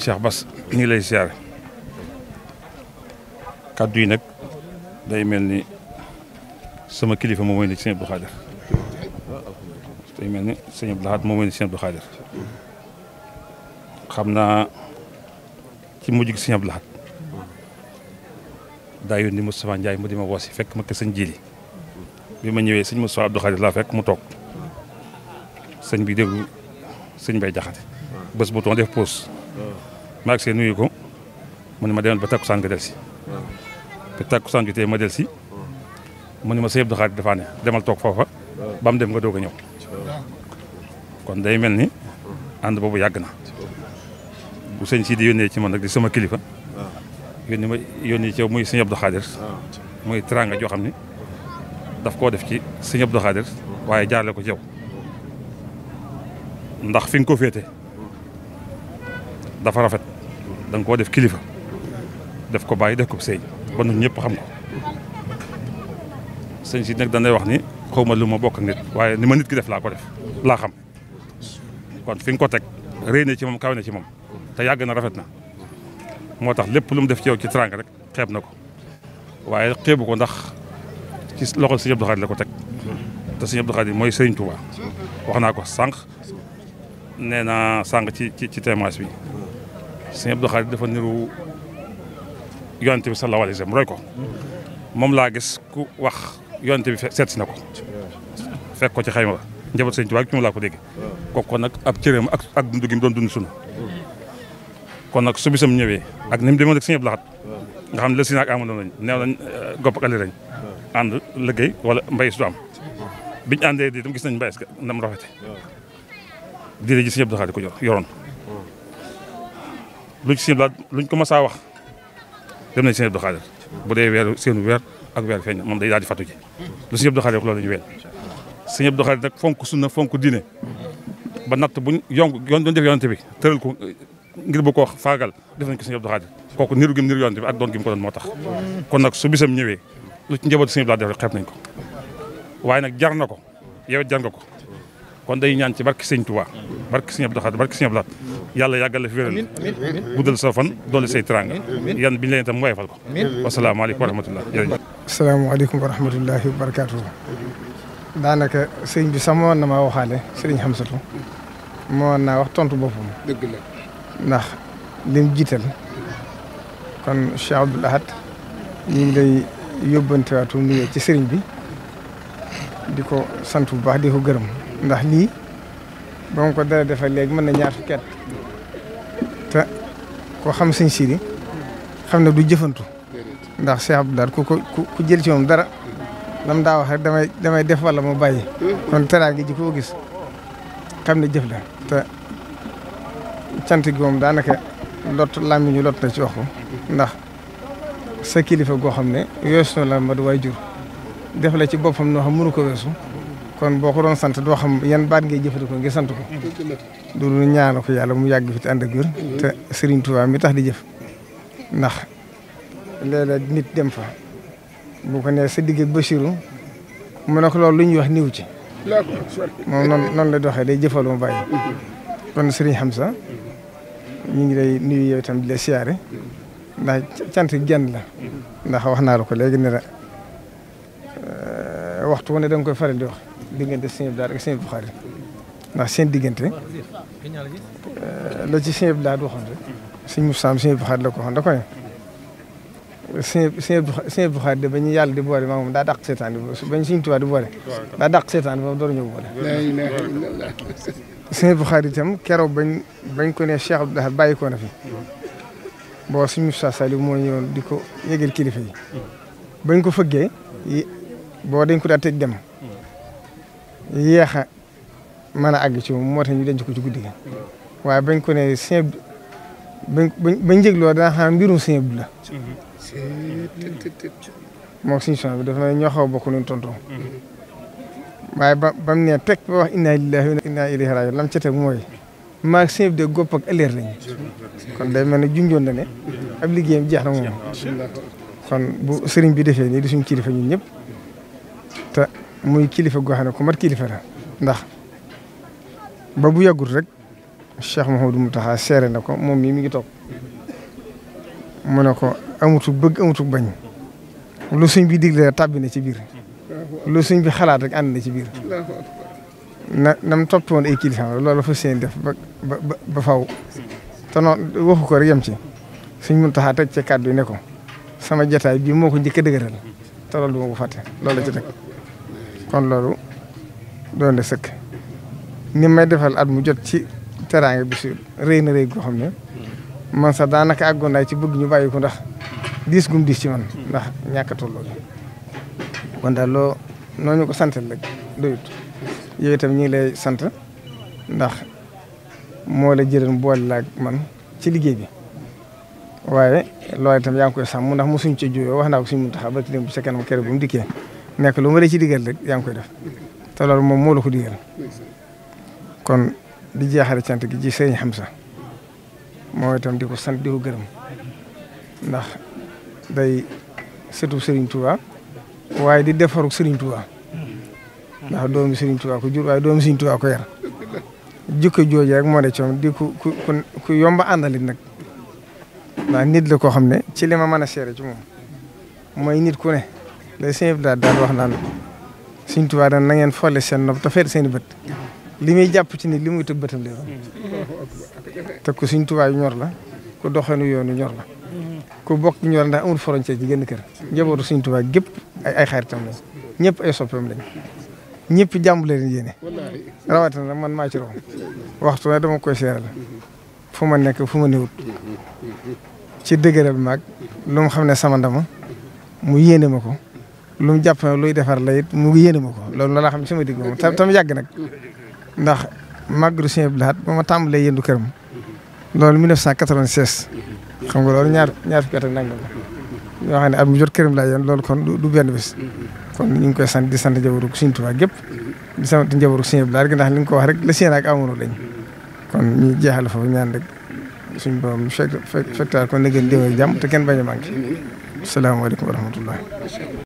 Cheikh Bass ñu ngi lay siyaare kàddu yi nag day mel ni sama kilifa moom mooy mel ni sëñ Abdou Lahad moom mooy ne sëñ Abdou Khadir xam naa ci mujj gi sëñ Abdou Lahad daa yónni Moustapha Ndiaye mu di ma woosi fekk ma ko sëñ Jili bi ma ñëwee sëñ Moustapha Abdou Khadir laa fekk mu toog sëñ bi déglu sëñ Bay Jaxate bés bu toon def pause ma ak see nuyu ko mu ne ma demal ba takkusaan nga del si ba takkusaan jotee ma del si mu ne ma sëñ Abdou Khadre dafa ne demal toog foofa ba mu dem nga doog a ñëw kon day mel ni mm-hmm. ànd boobu yàgg na bu sëñ si di yónnee ci man nag di sama kilifa yónni ma yónni ci muy sëñ Abdou Khadre muy teraanga joo xam ne daf koo def ci sëñ Abdou Khadre waaye jaarle ko jew ndax fi nga ko féete mm-hmm. dafa rafet danga nga koo def kilifa def ko bàyyi def ko sëñ ba ñun ñëpp xam ko sëñ si nag dañ lay wax ni xaw ma lu ma bokk waaye ni ma nit ki def laa ko def laa xam kon fi nga ko teg réy ci moom kawe na ci moom te yàgg na rafet na moo tax lépp lu mu def ci yow ci trang rek xeeb na ko waaye xeebu ko ndax ci loxol sëñ Abdou Khadre la ko teg te sëñ Abdou Khadre mooy sëñ Touba wax naa ko sànq nee na sànq ci ci témoignage bi sëñ Abdou Khadre dafa niru yoonte bi sallallahu alayhi wa mu roy ko moom laa gis ku wax yoonte bi seet si na ko fekk ko ci xayma ba njaboot sëñ Tuubaa ci moom ko dégg kooku nag ab cëram ak ak dund gi mu doon dund sunu kon nag su bisam ñëwee ak ni mu demoon ak sëñ Abdou Khadre nga xam ne la si naak amandoon lañ neew eh, gopp ak ali lañ ànd liggéey wala mbay su am biñu àndee di tam gis nañ mbay nam rafete diire ji sëñ Abdou Khadre ko yoroon lu si luñ luñ ko mës a wax dem nañ si Abdou Khadir bu dee weeru seenu weer ak weer feeñ moom day daal fatu fàttu ji lu si Abdou Khadir wax loolu la ñu weel sëñ Abdou Khadir nag fonk sunna fonk diine ba natt buñ yong yoon doon def yonante bi tëral ko eh, ngir bu ko wax faagal def nañ ko sëñ Abdou Khadir kooku niru gim niru yonante bi ak doon gim ko doon moo tax kon nag su bisam ñëwee lu ci njaboot sëñ Abdou Khadir def nañ ko waaye nag jar na ko yow it ko kon dey ñaan ci barke sëñ Touba barke sëñ Abdou Khadre yàlla yàggal la fi wéral guddal sa fan doole say teraanga yan bi ñu leen itam mu wayfal ko wasalaamaaleykum wa rahmatullah jërëjëf asalaamaaleykum daanaka sëñ bi sax moo na maa waxaale sëriñ Xamsatu moo wax tontu boppam dëgg la ndax lim jiital kon Cheikh Abdou Lahad ñu ngi lay yóbbantewaatu nuyoo ci bi di ko sant bu baax di ko gërëm ndax lii ba mu ko dara defal léegi mën na ñaar fukki at te koo xam sëñ Sidi xam na du jëfantu ndax Cheikh Abdou Lahad ku ko ku jël ci dara lam daa wax rek damay damay def wala mu bàyyi kon teraange ji koo gis xam na jëf la te cant gi moom daanaka lot làmmiñ ñu lot na ci wax ndax sa kilifa goo xam ne weesu na la ma du waay jur def la ci boppam noo xam mënu ko weesu kon boo ko doon sant doo xam yan baat ngay jëfandikoo ngir sant ko. loolu ñaanal ko yàlla mu yàgg fi te ànd ak wér. te Serigne Touba mi tax di jëf. ndax léeg nit dem fa. bu ko nee sa digg ak mu ne ko loolu lu ñuy wax niw ci. moom noonu noonu la doxee day jëfal mu bàyyi. kon Serigne Hamza ñu ngi lay nuyu yow itam di la siyaare ndax cant genn la ndax wax naa la ko léegi ne la waxtu wu ne danga koy faral di diggante sëñ Abdou Lahad ak sëñ Bukhari ndax seen diggante eh, la ci sëñ Abdou Lahad waxoon rek sëñ Moussa sëñ Bukhari la ko waxoon da ko ne sëñ sëñ de ba ñu yàlla di boole maa moom daa dàq ba ñu sëñ Tuubaa di boole daa dàq seetaan bi moom door ñëw boole sëñ Bukhari itam keroog bañ bañ ko ne Cheikh Abdou Lahad bàyyi ko na fi boo sëñ Moussa Saliou moo ñëwoon di ko yëgal kilifa yi bañ ko ko daa tëj dem yéex a mën a àgg ci moo tax ñu denc ko ci guddi waaye bañ ko ne sëñ bañ bañ njëgloo dana xam mbirum sëñ Abdu la moom suñu son bi dafa ne xaw a bokk nañ waaye ba ba mu teg ba wax inna lillahi wa lam ca mooy maa ngi de gopp ak ëllëg lañu kon day mel ne junjoon na ne ab liggéeyam jeex na moom kon bu sëriñ bi defee nii di suñu kilifa ñun ñëpp te muy kilifa goo xam ne ku mat kilifa la ndax ba bu yàggut rek Cheikh mu Mountakha seere na ko moom mii mi ngi toog mu ne ko amutu bëgg amutu bañ lu suñ bi digle rek tàbbi na ci biir lu suñ bi xalaat rek ànd na ci biir na na mu topp woon ay kilifa loolu fa seen def ba ba faw te noonu waxu ko rek yem ci suñ Mountakha teg ci kàddu yi ne ko sama jataay bii moo ko njëkk a dëgëral te loolu du ma ko fàtte la ci teg kon loolu doon de sëkk ni may defal at mu jot ci teraanga bi su rëy na rëy goo xam ne man sax daanaka àggoon naa ci bëgg ñu bàyyi ko ndax diis gum diis ci man ndax ñàkkatul loolu kon daal loo noo ko santal rek doyut yooyu itam ñu ngi lay sant ndax moo la jëleen boole laag man ci liggéey bi waaye loolu itam yaa ngi koy sàmm ndax mosuñ ci juyoo wax naa ko suñ mun taxaa ba ci dem bu ca kanam kër bu mu dikkee nekk lu ma la ci digal rek yaa ngi koy def te loolu moom moo la ko digal kon di jeexale cant gi ci sëriñ Hamza moo itam di ko sant di ko gërëm ndax day sëtu Serigne Touba waaye di defaru Serigne Touba ndax doomu Serigne Touba ko jur waaye doomu Serigne Touba ko yar jikko jooju rek moo ne coom di ku ku ku yomba àndalit nag ndax nit la koo xam ne ci li ma mën a seere ci moom mooy nit ku day sëñ Abdou daal wax naan Sëñ Tuubaa daan na ngeen folle seen nopp te feet seen bët li muy jàpp ci ni li muy tëb bëtam lay te ku Sëñ Tuubaa yu ñor la ku doxanu yoonu ñor la ku bokk ñor ndax amul frontière ci génn kër njabootu Sëñ Tuubaa gépp ay ay xaritam lañ ñëpp ay soppeem lañ ñëpp jàmm leen yéene rawatina nag man maa ci roxam waxtu ne dama koy seeral fu ma nekk fu ma néewut ci dëgëral maag lu xam ne sama ndama mu yéene ma ko lu mu luy defar la it mu yéene ma ko loolu laa xam ne sama digg moom tam tam yàgg nag ndax màggalu Sëñ Abdou Lahad ba ma tàmbalee yëndu këram loolu 1996 xam nga loolu ñaar ñaar fukki la yoo xam ne at mu jot këram laa yéen loolu kon du benn bés ñu ngi koy sant di sant njaboru Sëñ Tuubaa gépp sant njaboru Sëñ Abdou Lahad gi ndax li nga ko wax rek la seen ak amono lañ kon ñu jeexal ñaan rek suñu borom fekk fekk fekk kon na ngeen jàmm te kenn bañ a manqué salaamaaleykum wa rahmatullah